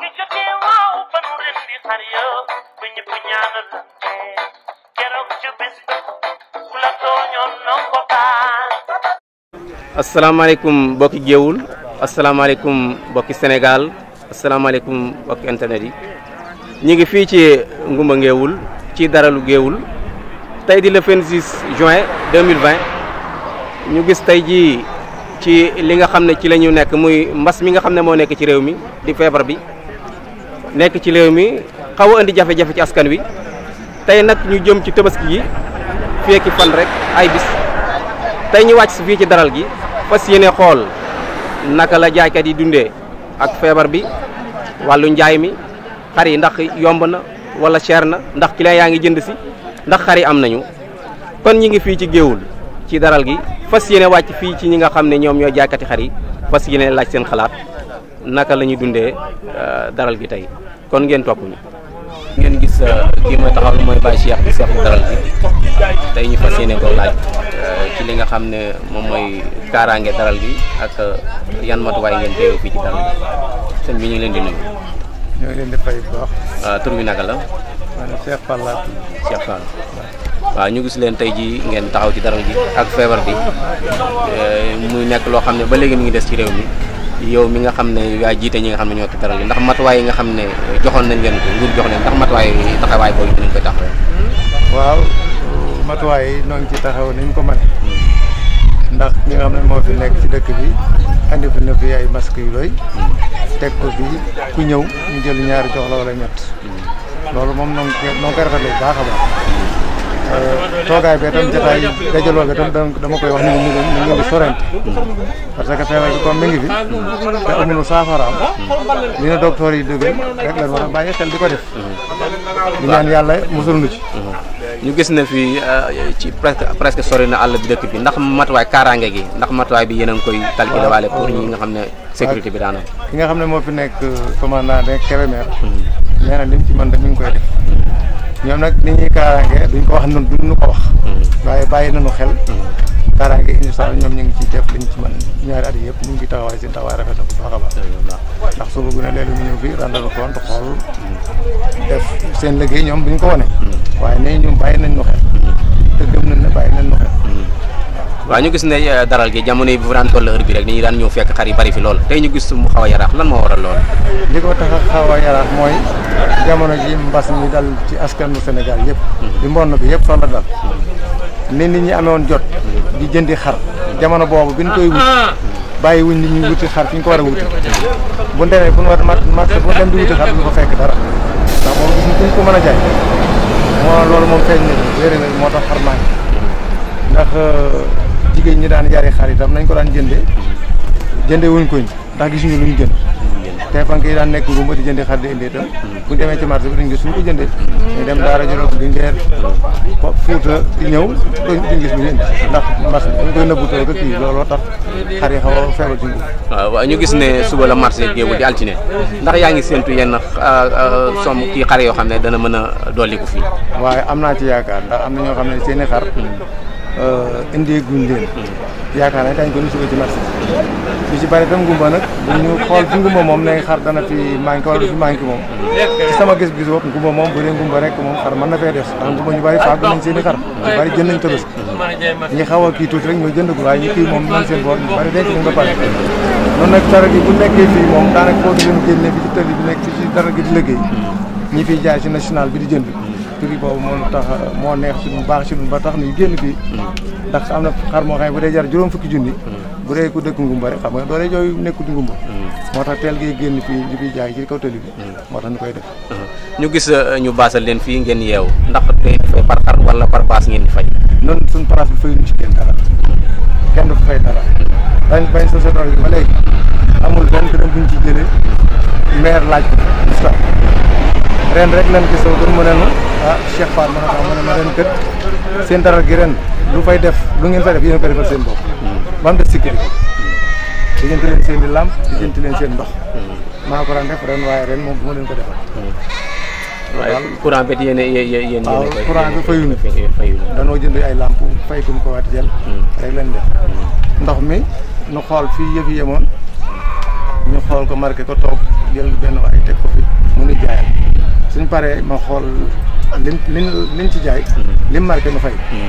ñu jotee waaw keroog ci bis ku la tooñoon noo ko baal. asalaamaaleykum mbokki Géewul asalaamaaleykum mbokki Sénégal asalaamaaleykum mbokki internet yi ñu ngi fi ci Ngumba Géewul ci dara lu Géewul tey di le 26 juin 2020 ñu gis tey jii. ci li nga xam ne ci la ñu nekk muy mbas mi nga xam ne moo nekk ci réew mi di feebar bi nek ci rew mi xaw andi jafé jafe ci askan wi tay nak ñu jëm ci tabaski yi fekk fan rek ay bis tay ñu wacc fi ci daral gi fas yene xol naka la kat yi dundé ak feebar bi walu njaay mi xari ndax yomb na wala cher na ndax client yaa jënd ci ndax xari am nañu kon ñi ngi fi ci ci daral gi fas yene wacc fi ci ñi nga xam ñom ñoo jaaykati xar yi fas laaj seen xalaat naka lañu dundé euh, daral gi tay kon ngeen top ñu ngeen gis euh, ki ma taxaw moy Baye Cheikh di Cheikh daral bi tay ñu fas ko laaj euh, ci li nga xamne mom moy karange kaaraange daral gi ak euh, yan way ngeen teew fi ci daral bi sëñ bi ñu leen di nuyu ñu leen di fay bu baax tur bi naka la Cheikh fallat Cheikh Fall wa ñu gis leen tay ji ngeen taxaw ci daral gi ak feebar bi euh muy nekk lo xamne ba legi mi ngi dess ci rew mi yow mi nga xam ne yaa jiite ñi nga xam ne ñoo teral ndax matuwaay yi nga xam ne joxoon nañ leen ko nguur jox leen ndax matuwaay taxawaay boobu dinañ ko taxawee. waaw matuwaay yi noo ngi ci taxaw ni ñu ko mën ndax ñi nga xam ne moo fi nekk ci dëkk bi andi fi na fi ay masques yu doy teg ko bi ku ñëw ñu jël ñaari jox la wala ñett mm. loolu moom noo ngi koy noo ngi baax a baax. toogaay bee tam jotaay dajaloo bee tam dama koy wax ni ñu ngi ñu ngi sorante parce que feebar bi comme mi ngi fi te amul saafaraam li ne docteur yi dëgg rek lan war a bàyyi xel di ko def di ñaan yàlla musul nu ci ñu gis na fi euh, ci presque presque sori na àll bi dëkk bi ndax matuwaay kaaraange gi ndax matuwaay bi yéen a koy calculé waale pour ñi nga xam ne sécurité bi daana ki nga xam ne moo fi nekk commandant de Kébémer mm-hmm. nee na lim ci man da mi ngi koy def ñoom nag ni ñuy kaaraange duñ ko wax noonu duñ ñu ko wax. Mm-hmm. waaye bàyyi na nañu xel. Mm-hmm. kaaraange incha ñoom ñu ngi ciy def liñ ci mën ñaari at yëpp ñu ngi taxawaay seen taxawaay rafet na bu baax a baax. ndax suba gu ne léegi mu ñëw fii rendez-vous compte xool mm-hmm. def seen liggéey ñoom duñ ko wane. waaye nee ñoom bàyyi nañ ñu xel. te gëm nañ ne bàyyi nañ ñu xel. waaw ñu gis ne eh, daral gi jamono yi bu daan toll heure bi rek ni daan ñëw fekk xari bari fi lool tay ñu gis mu xawa yarax lan mo waral lool li tax xawa yarax moy jamono ji mbass ni dal ci askan askanu senegal yépp mm-hmm. di mbon bi yépp fa dal mm-hmm. ni nit ñi amé won jot di jëndi xar mm-hmm. jamono bobu bi koy wut ah! bayyi wuñ nit ñi wuti xar fi ñu ko war wuti bu ñu bu wara mat mat bu dem di wuti xar ñu ko fekk dara da mo gis ñu ko mëna jaay mo lool mo feeñ ni yéré na moo tax xar maa ndax jigéen ñi daan yari xar itam nañ ko daan jënde jënde wuñ ko koñ ndax gisuñu luñ jënd te fan yi daan nekk gumba di jënde xar di indi itam buñ demee ci marché bi dañ gis suñ dem daara jolof di ngeer fuuta di ñëw gis luñ indi ndax marché bi dañ koy nëbbutoo ko kii looloo tax xar yi xaw a ñu gis ne suba la marché géewu di altine ndax yaa ngi séentu yenn uh, uh, somm kii xar yoo xam ne dana mën a dolliku fii waaye am naa ci yaakaar ndax am na ñoo xam ne seeni xar Euh, indee guñ leen. yaakaar naa dañ ko ñu suba ci marché bi. lu ci bari tam ngumba nag bu ñu xool ci ngumba moom ne xar dana fi manqué wala du fi manqué moom. sama gis-gis bopp ngumba moom bu dee ngumba rek moom xar mën na fee def. ndax ngumba ñu bari i xar. ñu bari jënd nañ tabaski. ñi xaw kii tuuti rek ñoo jënd ko waaye ñu kii moom ñoom seen bopp ñu bari denc ba pare. noonu nag dara gi bu nekkee fii moom daanaka foofu leen fi ci tëli bi nekk ñi fiy jaay ci national bi di jënd prix boobu moo tax moo neex suñu baax suñu ba tax ñu génn fii mm. ndax am na xar moo xam ne bu dee jar juróom fukki junni mm. bu dee ku dëkk ngumba rek xam nga doo dee jooy nekkul ngumba mm. moo tax teel gi génn fii li fi jaay ci kaw tali bi moo tax ñu def mm-hmm. ñu gis euh, ñu baasal leen fii ngeen yeew ndax day fay par xar wala par baas ngeen fay suñu place bi ci dara kenn du fay dara bañ sa ba amul benn dërëm buñ ci jëlee maire laaj ren rek lan ah Cheikh Fall mën a tax mën a ren kët seen dara gi ren lu fay def lu ngeen fay def yéen a ko seen bopp ba mu def si di jënti leen seen i làmp di jënti seen ndox maa ko daan ren waaye ren moom ma leen ko defal waaye courant bi yéen yéen yéen waaw courant bi fayu na fayu na danoo jënd ay làmp fay kuñ ko waat jël hmm. rek leen def ndox mi ñu xool fii yëf yi yemoon ñu xool ko marqué ko toog jël benn waay teg ko fi mu nu jaayal suñ paree ma xool lim liñ liñ ci jaay. Mm-hmm. lim marqué ma fay. Mm-hmm.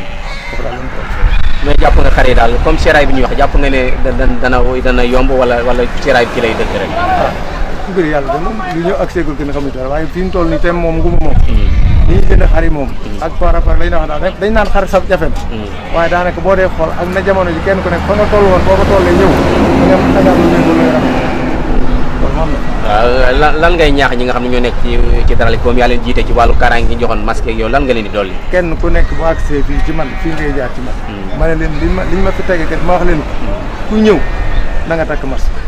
foofu daal jàpp nga xar yi daal comme seeraay bi ñuy wax jàpp nga ne dana dana yomb wala wala seeraay bi ci lay dëkk rek. waaw ah, su biir yàlla de li ñëw ak seegul gën a xamul dara waaye fi mu toll nii tam moom nguma moom. li mm-hmm. ñuy xar yi moom. ak par rapport lañ wax daal dañ naan xar sax jafee na. waaye daanaka boo dee xool ak na jamono ji kenn ku nekk fa nga woon boo ko tollee ñëw. da nga am da nga am lu waaw lan ngay ñaax ñi nga xam ne ñoo nekk ci ci dara li comme yaa leen jiite ci wàllu kaaraange gi joxoon masque yow lan nga leen di dolli. kenn ku nekk bu accès fii ci man fii ngay jaar ci man. Hmm. ma leen li ma li ma fi tege kat ma wax leen hmm. ku ñëw na nga takk masque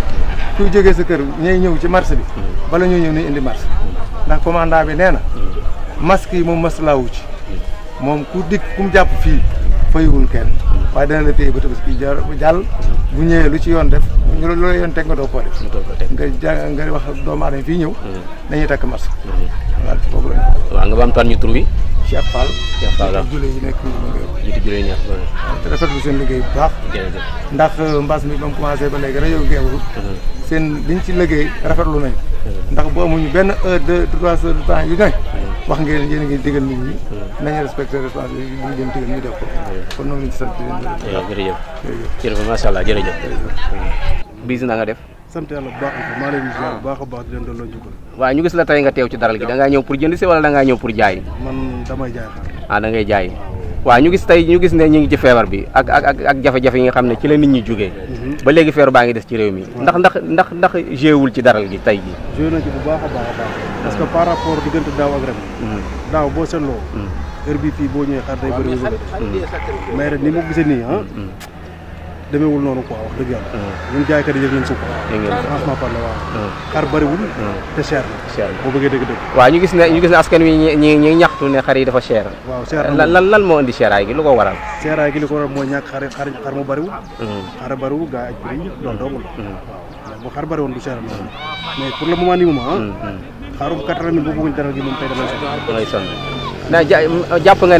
ku jógee sa kër ñay ñëw ci marché bi hmm. bala ñoo ñëw ni indi marché ndax commandant bi nee na masque yi moom masque laa wu ci moom ku dikk ku mu jàpp fii. fayuwul kenn waaye dana la téye ba tabaski jàll bu ñëwee lu ci yoon def loolu yoon teg nga doo koo def nga jàng nga wax doomu aadama fii ñëw hmm. dañuy takk mars hmm. waaw boobu la waaw nga baamtaan ñu tur wi Cheikh Fall Cheikh Fall waaw jullit yi nekk jiitu jullit yi nekk te rafet seen liggéey bu baax ndax euh, mbaas mi ba mu commencé ba léegi rajo geewul hmm. seen liñ ci liggéey rafetlu nañ ndax bu amuñu benn heure de trois heures de temps yu ne wax ngeen yéen a ngi digal nit ñi. Hmm. nañu respecté responsabilité bi ñu jëm digal ñu def ko. Hmm. kon hmm, na nga def. sant yàlla bu baax a maa leen di ziar bu ñu gis la tey nga teew ci daral gi da ngaa ñëw pour jënd si wala da ngaa ñëw pour jaay. man damay jaay xaar. ah da ngay jaay. waaw ñu gis tey ñu gis ne ñu ngi ci feebar bi ak ak ak jafe-jafe yi nga xam ne ci la nit ñi jógee mhm. ba léegi feebar baa ngi des ci réew mi ndax ndax ndax ndax jéewul ci daral gi tey gi jéew na ci bu baax a baax a baax hmm. parce que par rapport diggante daaw ak ren hmm. daaw boo seetloo hmm. heure bi fii boo ñëwee xar day bëri mais ren ni mu gisee nii ah. demi noonu quoi wax dëgg yàlla hmm. ñun jaaykat yi yëg nañ suuf franchement par la waaw hmm. xar bariwul hmm. te cher na boo bëggee dëgg dëgg waaw ñu gis ne ñu gis ne askan wi ñi ñi ñaxtu ne xar yi dafa cher waaw cher lan lan lan moo indi cheraay gi lu ko waral cheraay gi li ko waral mooy ñàkk xar xar xar mu bariwul xar bariwul gaa internet prix loolu dongul waaw bu xar bariwoon du cher mais pour le moment 80 ah, gi dama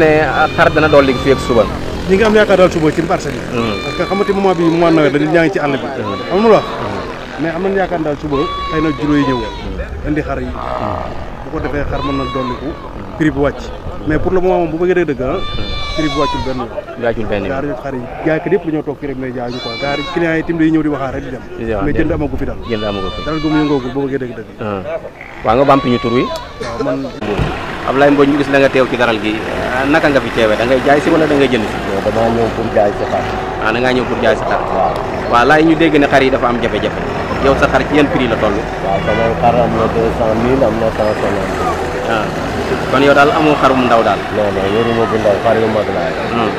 lay nga xar dana dolli fii ak suba ñi nga am yaakaar daal suba ci marché bi parce que xamati moment bi moment nawet dañu ñaa ngi ci àll bi am na wax mais am nañ yaakaar daal suba xëy na juróoy ñëw indi xar yi bu na dolliku prix bi wàcc mais pour le moment moom bu bëggee dee dëgg dëgg dëgg nga bampi ñu tur wi waaw man Ablaye Mbodj ñu gis la nga teew ci daral gi ah, naka nga fi teewee da ngay jaay si wala da ngay jënd si. damaa ñëw pour jaay si xar. ah da ngaa ñëw pour jaay si xar. waaw waaw laay ñu dégg xar yi dafa am jafe-jafe yow sa xar ci yan prix la toll. waaw sama xar am na 200000 am na 150. ah kon yow daal amoo ndaw daal. non non yoruma bu ndaw xar yu mag laay. Hmm.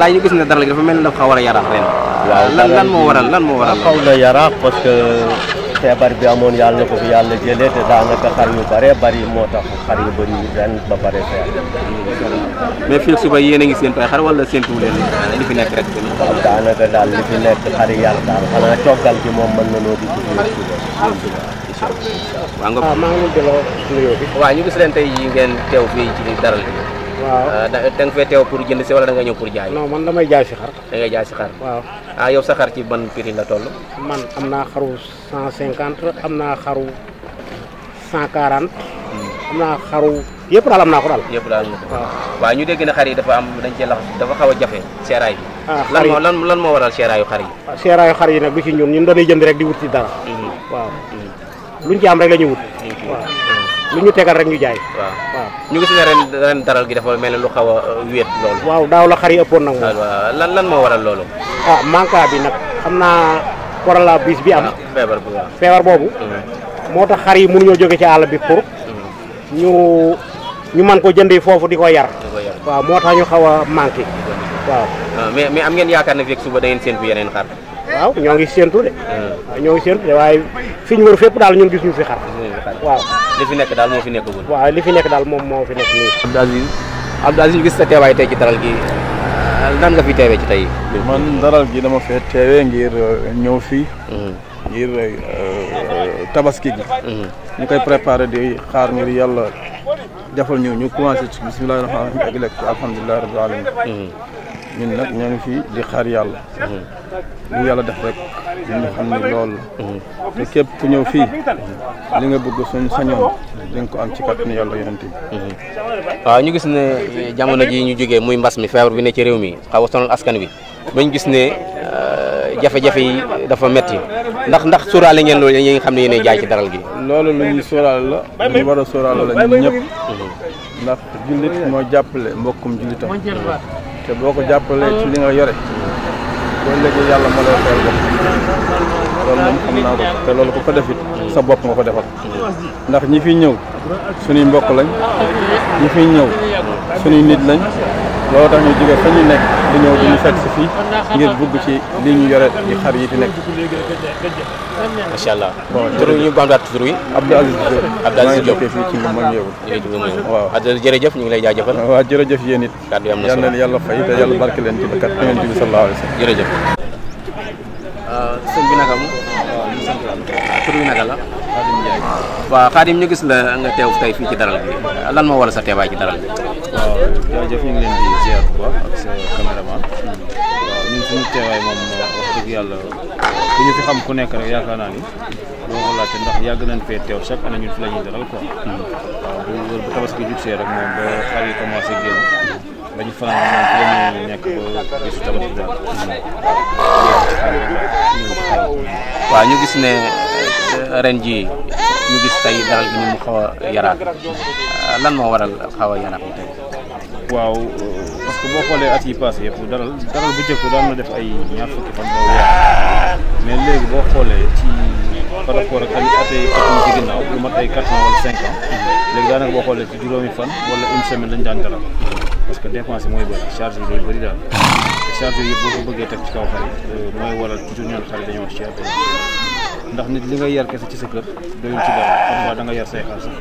laay ñu gis ne daral gi dafa mel na dafa xaw a war a yaraax ren. waaw lan lan moo waral lan moo waral. xaw feebar bi amoon yàlla na ko fi yàlla jëlee te daanaka xar yu bare bari moo tax xar yu bëri ren ba pare feer. mais fii suba yéen a ngi seen fay xar wala séntu leen li fi nekk rek. waaw daanaka daal li fi nekk xar yàlla daal xanaa coggal gi moom mën na noo di dugg suba. incha allah waaw ah, maa ngi leen di delloo nuyoo bi. waaw ñu gis leen tey jii ngeen teew fii ci daral bi. waaw ah, da nga fee teew pour jënd si wala da nga ñëw pour jaay. non man damay jaay si xar. da ngay jaay si xar. waaw ah yow sa xar ci ban prix la toll. man am naa xaru 150 am naa xaru 140. Hmm. am naa xaru yëpp daal am naa ko daal. yëpp daal am na ko waa ñu dégg ne xar yi dafa am dañ cee laxas dafa xaw a jafe seeraay bi. ah xar yi lan moo lan moo waral seeraayu xar yi. waaw ah, seeraayu xar yi nag du ci ñun ñun dañuy jënd rek di wut si dara. Hmm. waaw hmm. luñ ci am rek la wut lu ñu tegal rek ñu jaay waaw ñu gis ne ren ren taral gi dafa mel lu xaw a uh, wéet loolu waaw daaw la xari ëppoon nag moom lan lan moo waral loolu ah manka bi nag xam naa corona bis bi am ah, feebar bu feebar boobu mm-hmm. moo tax xar yi mënuñoo jóge ci àll bi pour mm-hmm. ñu ñu man ko jëndee foofu di ko yar waaw moo ñu xaw a waaw ah, mais mais am ngeen yaakaar ne fekk suba da ngeen séntu yeneen xar waaw ñoo ngi séentu de. Hmm. ñoo ngi séentu de waaye fi ñu wër fépp daal ñu gis ñu fi xar. waaw fi nekk daal moo fi nekkagul. waaw li fi nekk daal moom moo fi nekk nii. Abdou Aziz Abdou Aziz gis sa teewaay ci taral gi nan nga fi teewee ci tey. man daral gi dama fee teewee ngir euh, ñëw fii. Hmm. ngir euh, tabaski gi. Hmm. ñu koy préparé di xaar ngir yàlla jafal ñu ñu commencé ci bisimilah rahmaani rahiim ak lekk alhamdulilah alamin ñun ñoo ngi fii di xaar yàlla. yàlla def ñu xam ne loolu la. te ñëw fii. li nga bëgg suñu sañoon. di nga ci kàttanu yàlla ñu gis ne jamono ji ñu jógee muy mbas mi feebar bi ne ci réew mi xaw a askan wi bañ gis ne euh, jafe-jafe yi dafa metti ndax ndax sóoraale ngeen loolu yi nga xam ne yéen jaay ci daral gi. loolu lu la lu ñu war a la ñun ñëpp. ndax jullit moo jàppale mbokkum jullitam. te boo ko jàppalee ci li nga yore boo léegi yàlla moo lay xool bopp loolu moom xam naa ko te loolu ku ko defit sa bopp nga ko defal ndax ñi fiy ñëw suñuy mbokk lañ ñi fiy ñëw suñuy nit lañ loolu tax ñu jóge fa ñu nekk bu ñëw bu fekk si fii ngir bugg ci li ñu yore di xar yi fi nekk. macha allah bon tur ñu bambaat tur yi. Abdou Aziz Diop Abdou Aziz Diop fii ci moom yëwul. waaw Abdou jërëjëf ñu ngi lay jaajëfal. waaw jërëjëf yéen it. kàddu yi am na solo yal na yàlla fay te yàlla barke leen ci bakkat yonent bi sallallahu bi naka mu. waaw ñu la tur bi naka waaw Xaadim ñu gis la nga teew tey fii ci daral bi lan moo waral sa teewaay ci daral bi. quoi ak sa caméraman waaw dëgg yàlla bu ñu fi ku nekk rek yaakaar naa ni doo ko laajte nañ fee teew chaque année ñun fi la ñuy dalal quoi waaw bu bu tabaski jub see nekk ba bisu tabaski ñu gis ne euh, ren jii ñu gis tey daral gi mu xaw a yaraat lan moo waral xaw a yaraat tey waaw que boo xoolee at yi passé yëpp daral daral bu jëkk daan na def ay ñaar fukki fan ba mais léegi boo xoolee ci par rapport ak at yi at ay quatre ans wala cinq ans léegi daanaka boo xoolee ci juróomi fan wala une semaine lañu daan daral parce que dépense mooy bëri charge yi day bëri daal charge yi boo ko bëggee teg ci kaw xar yi euh, mooy waral toujours ñun xar yi dañoo cher ndax nit li nga yar kese ci sa kër doyul ci dara xam nga da nga yar say xar sax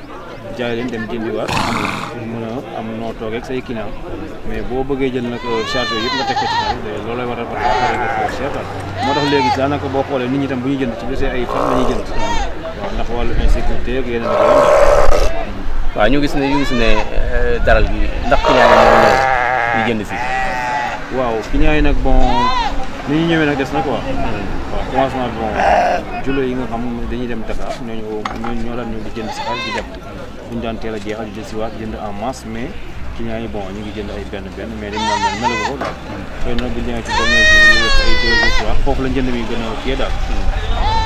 jaay lañu dem jëndiwaat pour mën a am noo toog ak say client mais boo bëggee jël nag euh, charge yëpp nga teg ko ci kaw loolay waral ba pare nga cher moo tax léegi daanaka boo xoolee nit ñi tam bu ñu jënd ci bés ay fan la ñuy jënd waaw ndax wàllu ñu gis ne ñu gis ne euh, ndax client yi si waaw client yi nag bon ni ñu ñëwee nag des na quoi hmm. waaw commencement bon julo yi nga xam dañuy dem Dakar ñooñu ñoo daan ñëw di jënd si xar di dem bu ñu daan teel a jënd en masse mais clients yi bon ñu ngi jënd ay benn benn mais dañ naan mel ko daal xëy na bu ñu ci premier jour ay deux jours trois foofu la njënd mi gën a kii ndax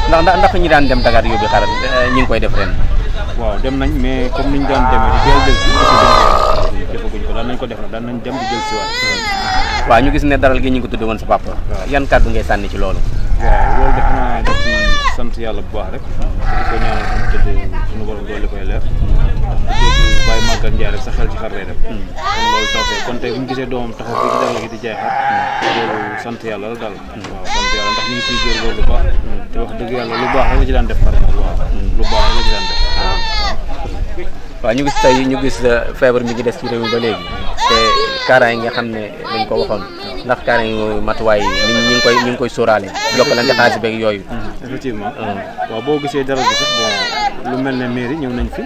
ndax ndax ñi daan dem Dakar yóbbi xaral eh, ñi ngi koy def ren waaw dem nañ mais comme niñ daan di teel jël si defaguñ ko daan nañ ko def na daan nañ dem di jël waat waaw ñu gis ne daral gi ngi sa papa yan ngay ci loolu waaw loolu def def sant bu baax rek ko ñaanal suñu borom doole koy leer jóg bàyyi sa hmm. kon loolu tawfeex kon tey di jaay xar hmm, sant yàlla la daal hmm. waaw ndax ñu ngi ciy góorgóorlu bu baax te wax lu baax rek la ci daan def xar moom lu baax rek la waaw ñu gis tey ñu gis euh, feebar bi ngi des ci réew mi ba léegi te kaaraay yi nga xam ne dañ ko waxoon ndax kaaraay yi matuwaay yi ñu ngi koy ñu ngi koy sóoraale yokkalante xaalis beeg yooyu effectivement gisee dara bi sax lu mel ne mairie ñëw nañ fi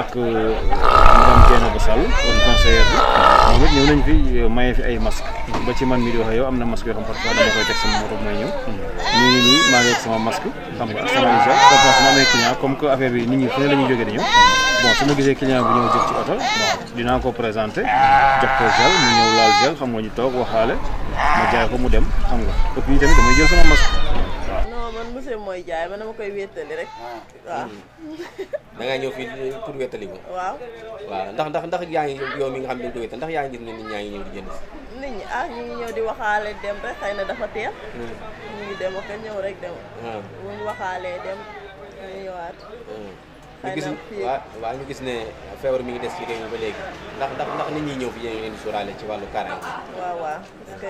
ak euh, madame Dieynaba Sall kon conseillère bi moom it ñëw nañ fi euh, maye fi ay masque ba ci man mi di waxee yow am na masque yoo xam parfois dama koy teg sama moto mooy ñëw ñu nii maa ngi ak sama masque xam nga ak sama isa comme que affaire bi nit ñi fu ne la ñuy jógee di ñëw bon su ma gisee client bi ñëw jëf ci oto dinaa ko présenté jox ko gel mu ñëw laal gel xam nga ñu toog waxaale ma jaay ko mu dem xam nga et puis tamit damay jël man monsieur mooy jaay man dama koy wéttali rek. Ah. waaw. Hmm. da ngay ñëw fii pour wéttali ko. waaw. waaw ndax ndax ndax yaa ngi yow mi nga xam ne dañu ko wéttali ndax yaa ngi gis ne nit ñaa ngi ñëw di jënd si. nit ñi ah ñu ngi ñëw di waxaale dem rek xëy na dafa teel. Hmm. ñu ngi dem ak ñëw rek dem. Ah. bu ñu waxaalee dem ñu ñëwaat. Hmm. ñu gis waa waaw gis ne feebar mi ngi des ci réew mi ba léegi ndax ndax ndax nit ñi ñëw fi yéen leen suuraale ci wàllu kaaraange waaw waaw parce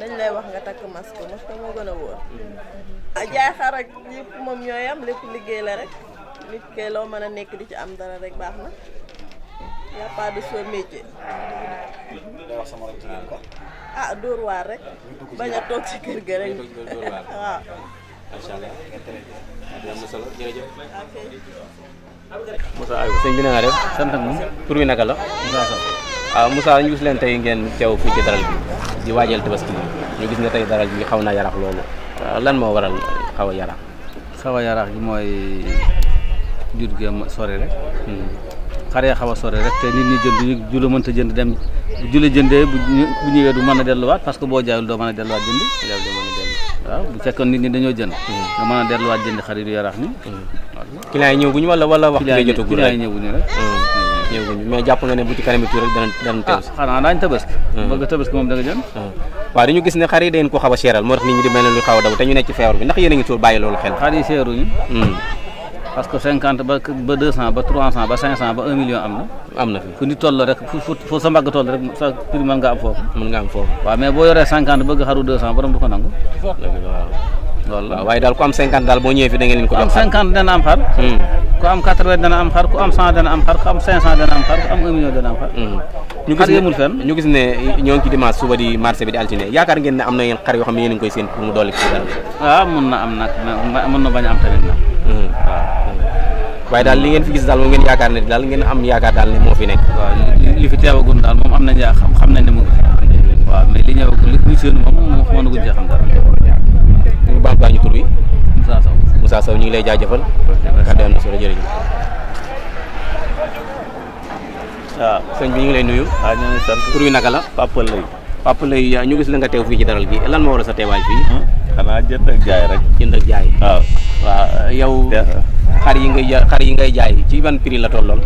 dañ lay wax nga takk masque masque moo gën a wóor mm-hmm. ah, jaay xar ak yëpp moom ñooy am lépp liggéey la rek nit kay loo mën a nekk di ci am dara rek baax na y a pas de rek ah dóor waar rek bañ a toog ci kër ga rek waaw incha allah am na nga def sant ak moom tur wi naka la. Moussa Sow waaw ah, Moussa ñu gis leen tey ngeen teew fii ci daral bi di waajal tabaski ñu gis nga tey daral bi xaw naa yarax loolu ah, lan moo waral xaw a yarax. xaw a yarax gi mooy jur gi sori rek. Hmm. xaree xaw a sore rek te nit ñi jënd ju la mënta jënd dem ju jëndee bu ñëwee du mën a delluwaat parce que boo jaayul doo mën a delluwaat jënd waaw bu fekkoon nit ñi dañoo jënd nga a delluwaat jënd xarit yu yaraax ni client yi ñëw guñu wala wala wax lay jotagul hmm. ah, hmm. hmm. gis ne xar yi ko xaw a seeral moo tax nit ñi di mel ne lu xaw a daw te ñu nekk ci feebar bi ndax yéen a ngi tuur bàyyi loolu xel xar yi seeruñu parce que cinquante ba ba deux cent ba trois cent ba cinq cent ba un million am na. fu ni toll rek fu sa mbagg toll rek sa prix nga am foofu. waaw mais boo yoree cinquante bëgg xaru deux cent du ko nangu. loolu la waaye daal ku am cinquante boo ñëwee fi ko. doon xar ku am cinquante hmm. dana am xar. ku am quatre vingt dana am am xar ku am million dana am xar. Hmm. ñu gis ne xar yemul fenn. ñu gis ne ñoo ngi ci dimanche suba di marché bi di altine yaakaar ngeen am na yéen xar yoo xam ne ngi koy séen waaye daal li ngeen fi gis daal moom ngeen yaakaar ne daal ngeen am yaakaar daal ne moo fi nekk. waaw li fi teewagul daal moom am na yaa xam xam nañ ne mu ngi fi. waaw mais li ñëwagul li muy séenu moom moom moo nagul ñu tur bi. Moussa ñu ngi lay jaay kàddu am na solo jërëjëf. waaw ah. bi ñu ngi lay nuyu. waaw ah, tur bi naka la. Papa Lay. Papa Lay ñu gis la nga teew fii ci daral bi lan moo waral sa teewaay fii. Ah, xanaa jënd ak jaay rek. jënd ak jaay. waaw waaw xar yi ngay ja xar yi ngay jaay ci ban prix la tolloon.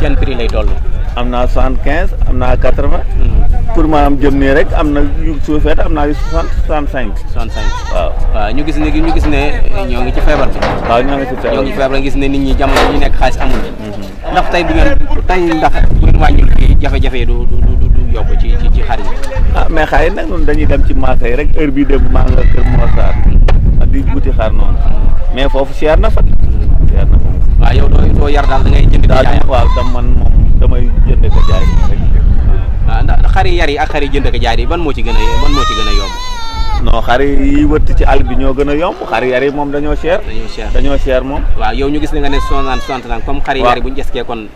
seen prix lay toll. am naa soixante quinze am naa quatre vingt. Hmm. pour maanaam jëm nii rek am na yu am naa yu soixante soixante cinq. ñu gis ne ñu gis ne ñoo ngi ci feebar bi. waaw ñoo ngi ci gis ne nit ñi jamono ñu nekk xaalis amul. Hmm. ndax tey bu ngeen tey ndax bu ngeen wàññul jafe-jafe yi du du du du yokk ci ci xar yi. ah mais xaar yi nag noonu dañuy dem ci marché yi rek heure bi dem maa nga kër Mor Sarr hmm. di wuti xar noonu mais foofu cher na fa. teer na moom. waaw yow yar daal da jënd di jaay waaw dam man moom damay jënd ko jaay rek. waaw yi ak xari yi ban moo ci gën a ban moo gën a yomb. non xari yi wëtt ci àll bi ñoo gën a yomb xari yar yi moom dañoo cher. dañoo cher dañoo cher moom. waaw yow ñu gis ne nga ne soixante soixante naan comme xari yar bu ñu eskee kon.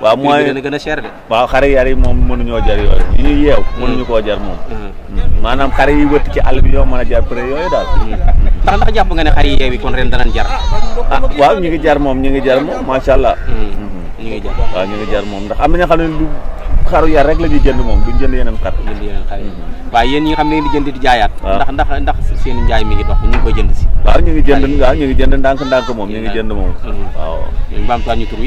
waaw mooy gën a gën a cher de. waaw xari yar yi moom mënuñoo jar yooyu yi yeew. mënuñu mm. koo jar moom. Mm-hmm. maanaam xari yi wëtt ci àll bi yoo mën a jar prix yooyu daal mm. ndax ndax jàpp nga ne xar yi yeewi kon ren jar ah, ah waaw ñu ngi jar moom ñu ngi jar macha allah hmm. ñu ngi jar ñu ngi jar moom ndax am na ñoo xam ne du xaru yar rek la jënd moom duñ jënd yeneen xar jënd yeneen xar hmm. waaw yéen ñi nga xam ne di jënd di jaayaat ndax ndax ndax seen njaay mi ngi dox ñu ngi koy jënd si waaw ñu ngi jënd waaw ñu ngi jënd ndànk ndànk moom ñu ngi jënd moom hmm. waaw ñu baamtuwaat ñu tur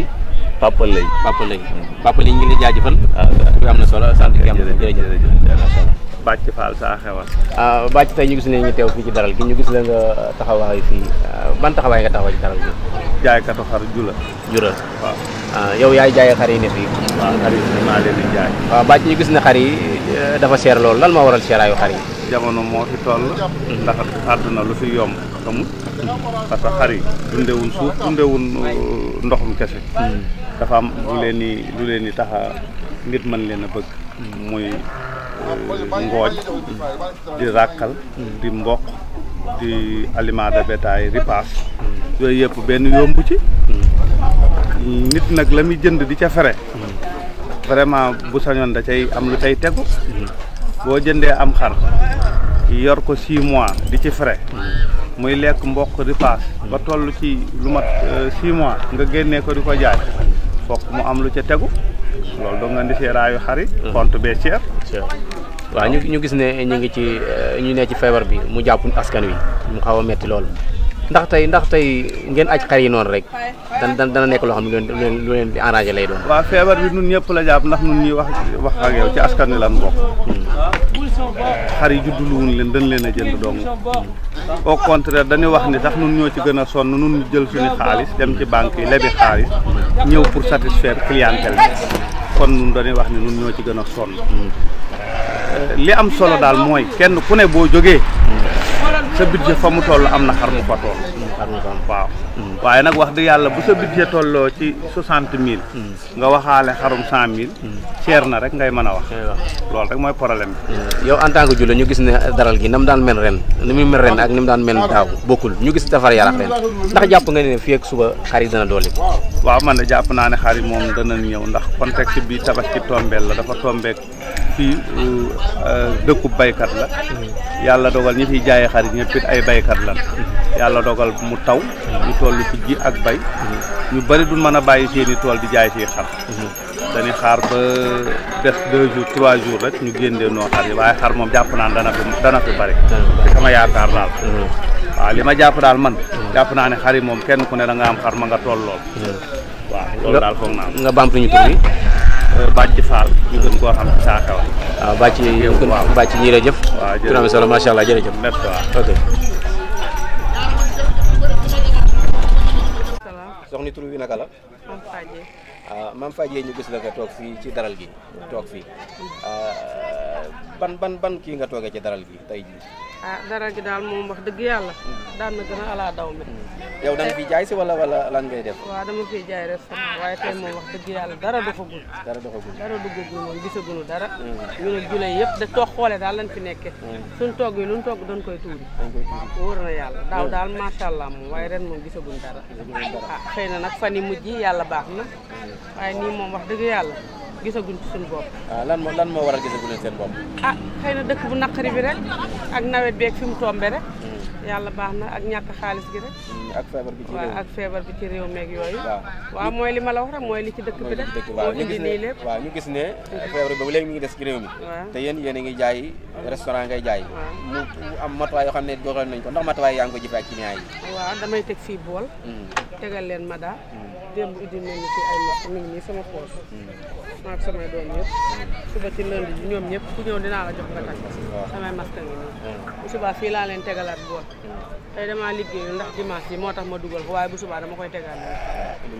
Papa Lay Papa Lay Papa Lay ñu ngi ah, am na solo sant gi am na jërëjëf jërëjëf sa xewal ah Bàcc tey ñu gis ne ñu teew fii ci daral gi ñu gis la taxawaay fii ah, ban taxawaay nga taxawaay ci daral gi jaaykatu xar jula jula waaw ah, yow yaay jaay xar yi ne fii waaw xar yi gis ne xar yi eh, dafa seer loolu lan moo waral seeraayu xar yi jamono moo fi toll ndax àdduna lu fi yomb amul parce que xar yi dundewuñ suuf dundewuñ uh, ndoxum kese dafa am lu leen di lu leen di taxa ngir mën leen a bëgg muy uh, ngooj di ràkkal di mboq di aliment de bétail ripaas yooyu yëpp benn yomb ci nit nag la muy jënd di ca fere vraiment bu sañoon da cay am lu tey tegu boo jëndee am xar yor ko 6 mois di ci frais muy lek mboq di pass ba tollu ci lu mat 6 euh, mois nga genné ko diko jaay fokk mu am lu ci teggu loolu do nga ndi ci rayu xari mm. compte be cher wa ñu ñu gis né ñi ngi ci euh, ñu né ci fever bi mu jàpp askan wi mu xawa metti loolu ndax tay ndax tay ngeen aj xari non rek dan dan dana nek lo xam lu len lu leen di arranger lay doon wa fever bi nun ñepp la japp ndax nun ñi wax wax ak yow ci askan ni lan bok mm. xar yi judduluwuñ leen dañ leen a jënd dong au contraire dañu wax ni tax nun ñoo ci gën a sonn nun jël suñu xaalis dem ci banque yi lebi xaalis ñëw pour satisfaire bi kon nun dañuy wax ni nun ñoo ci gën a sonn li am solo daal mooy kenn ku ne boo jógee sa budget fa mu toll am na xar mu fa toll waaw waaye nag wax dëgg yàlla bu sa budget tolloo ci soixante mille mm. nga waxaale xarum cent mille mm. cher na rek ngay mën a wax loolu rek mooy problème mm. yow en tant que jullit ñu gis ne daral gi nam daan mel ren ni muy mel ren ak ni mu daan mel daaw bokkul ñu gis dafar yarax ren ndax jàpp nga ne fii ak suba xar yi dana doole waaw man de jàpp naa ne xar yi moom dana ñëw ndax contexte bi tabaski tombeel la dafa tombeek fii euh, euh, dëkku baykat la yàlla dogal ñi fiy jaayee xar yi ay baykat lan yàlla dogal mu taw ñu toll ci ji ak bay ñu bari duñ mën a bàyyi seeni tool di jaay fii xar dañuy xaar ba des deux jours trois jours rek ñu génnee noo xar yi waaye xar moom jàpp naan dana fi dana fi bari ci sama yaakaar daal waaw li ma jàpp daal man jàpp naa ne xar moom kenn ku ne da am xar ma nga toll lool hmm. waaw loolu daal foog naa nga bamtu ñu tur yi Eh, bàcc fal, ñu gën koo xam saa kaw waaw bàcc bàcc ñii la jëf allah jërëjëf merci waaw ok soxni tur bi naka la mam faje ah, mam faje ñu gis la ci daral gi ah, ban ban ban kii nga toogee ci daral gi ah dara gi daal moom wax dëgg yàlla. daan na gën a ala daw mi. yow da nga jaay si wala wala lan ngay def. waaw dama fiy jaay rek sama waaye tey moom wax dëgg yàlla dara doxagul. dara doxagul dara doxagul moom dara. Hmm. ñu ne jula yëpp da toog xoolee daal lañ fi nekkee. Hmm. suñ togg yi luñ togg dañ koy yàlla hmm. daaw daal macha allah moom waaye ren moom gisaguñu dara. gisaguñu ah, xëy na nag fan yi mujj yàlla baax na. waaye nii moom wax dëgg yàlla. gisaguñ ci suñu ah, lan moo lan moo waral gisaguñ leen seen bopp. ah xëy na dëkk bu naqari bi rek ak nawet beeg fi mu tombe rek. Hmm. yàlla baax na ak ñàkk xaalis bi rek. Hmm, ak feebar bi ci réew waaw ak feebar bi ci réew meeg yooyu. waaw mooy li ma la war a mooy li ci dëkk bi rek. moo indi nii lépp waaw ñu gis ne hmm. eh, feebar bi ba léegi mi ngi des ci réew mi. te yéen jaay restaurant ngay jaay. mu yoo xam ne joxoon nañ ko ndax matuwaay yaa ngi ko jëfee ak client waaw damay teg fii bool. tegal leen ma daal. démb indi nañu ci ay mat mi ngi nii sama poos. maak samay doom yëpp suba ci lënd ñoom ñëpp ku ñëw dinaa la jox nga takk samay masque ngi nii bu subaa fii laa leen tegalaat bool tey damaa liggéey ndax dimanche yi moo tax ma dugal ko waaye bu subaa dama koy tegal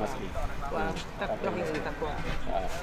masque yi waaw takk jox leen takk waaw